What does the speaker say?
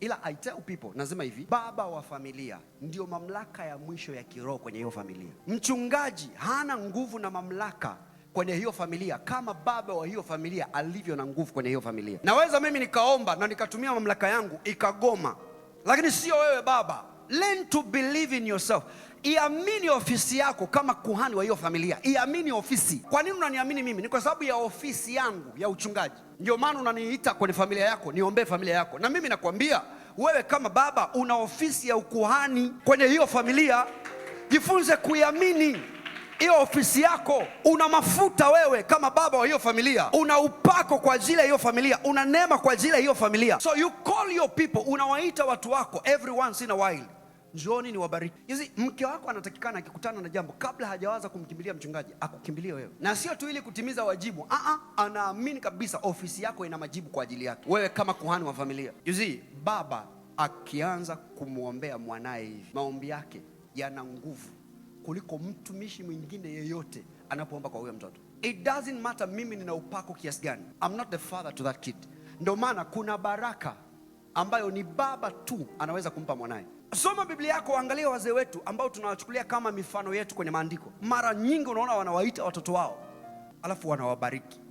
ila I tell people, nasema hivi, baba wa familia ndio mamlaka ya mwisho ya kiroho kwenye hiyo familia. Mchungaji hana nguvu na mamlaka kwenye hiyo familia kama baba wa hiyo familia alivyo na nguvu kwenye hiyo familia. Naweza mimi nikaomba na nikatumia mamlaka yangu ikagoma, lakini sio wewe baba. Learn to believe in yourself. Iamini ofisi yako kama kuhani wa hiyo familia, iamini ofisi. Kwa nini unaniamini mimi? Ni kwa sababu ya ofisi yangu ya uchungaji. Ndio maana unaniita kwenye familia yako niombee familia yako, na mimi nakwambia wewe kama baba una ofisi ya ukuhani kwenye hiyo familia. Jifunze kuiamini hiyo ofisi yako. Una mafuta wewe kama baba wa hiyo familia, una upako kwa ajili ya hiyo familia, una neema kwa ajili ya hiyo familia. So you call your people, unawaita watu wako every once in a while Njooni niwabariki. Juzi mke wako anatakikana akikutana na jambo, kabla hajawaza kumkimbilia mchungaji, akukimbilie wewe, na sio tu ili kutimiza wajibu. Aa, anaamini kabisa ofisi yako ina majibu kwa ajili yake, wewe kama kuhani wa familia. yuzi baba akianza kumwombea mwanaye hivi, maombi yake yana nguvu kuliko mtumishi mwingine yeyote anapoomba kwa huyo mtoto. It doesn't matter mimi nina upako kiasi gani, I'm not the father to that kid. Ndio maana kuna baraka ambayo ni baba tu anaweza kumpa mwanaye. Soma Biblia yako, angalia wazee wetu ambao tunawachukulia kama mifano yetu kwenye maandiko. Mara nyingi unaona wanawaita watoto wao alafu wanawabariki.